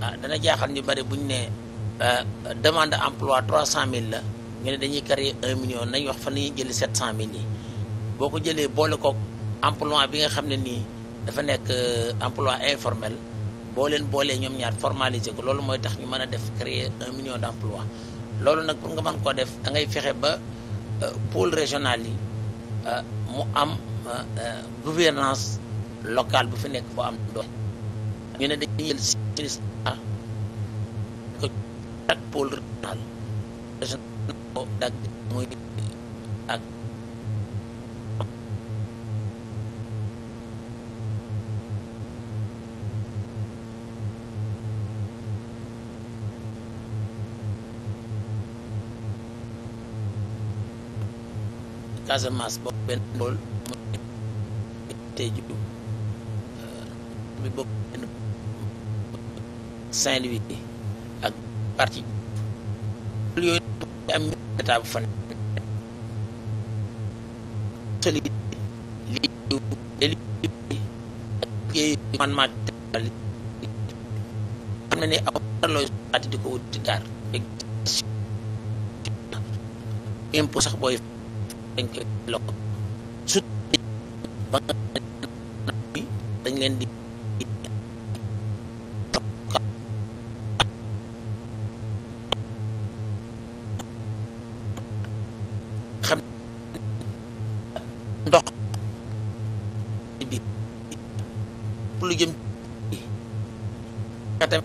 ah dana jaaxal ni bari bu ñu ne ah, demande emploi trois cent mille la ñu ne dañuy créer un million nañ wax fan la ñuy jëlee sept cent mille yi boo ko jëlee boole kook emploi bi nga xam ne nii dafa nekk euh, emploi informel boo leen boolee ñoom ñaar formaliser ko loolu mooy tax ñu mën a def créer un million d' emploi loolu nag pour nga mën koo def da ngay fexe ba euh, pôle régional yi euh, mu am gouvernance locale bu fi nekk bu am doole ñu ne dañuy jël seen histoire ah, ko chaque pôle régional régional dagg muy ak Casamance bokk benn pôle muy Sédhiou bi euh, bokk benn Saint-Louis ak parti yooyu am état bu fan solide li liggéey man maa ne aw looy di ko wut di daar impôt sax booy dañ koy lokk su ba dañ leen di ndox bi lu jëm katam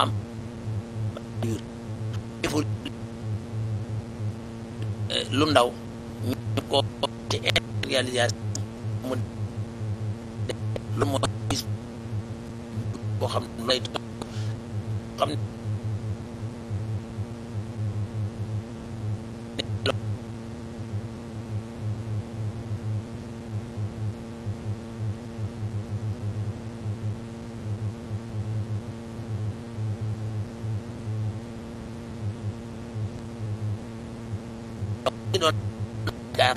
am lu ndaw ñu ko ci industrialisation mu lu mooy boo xam ne doon jaar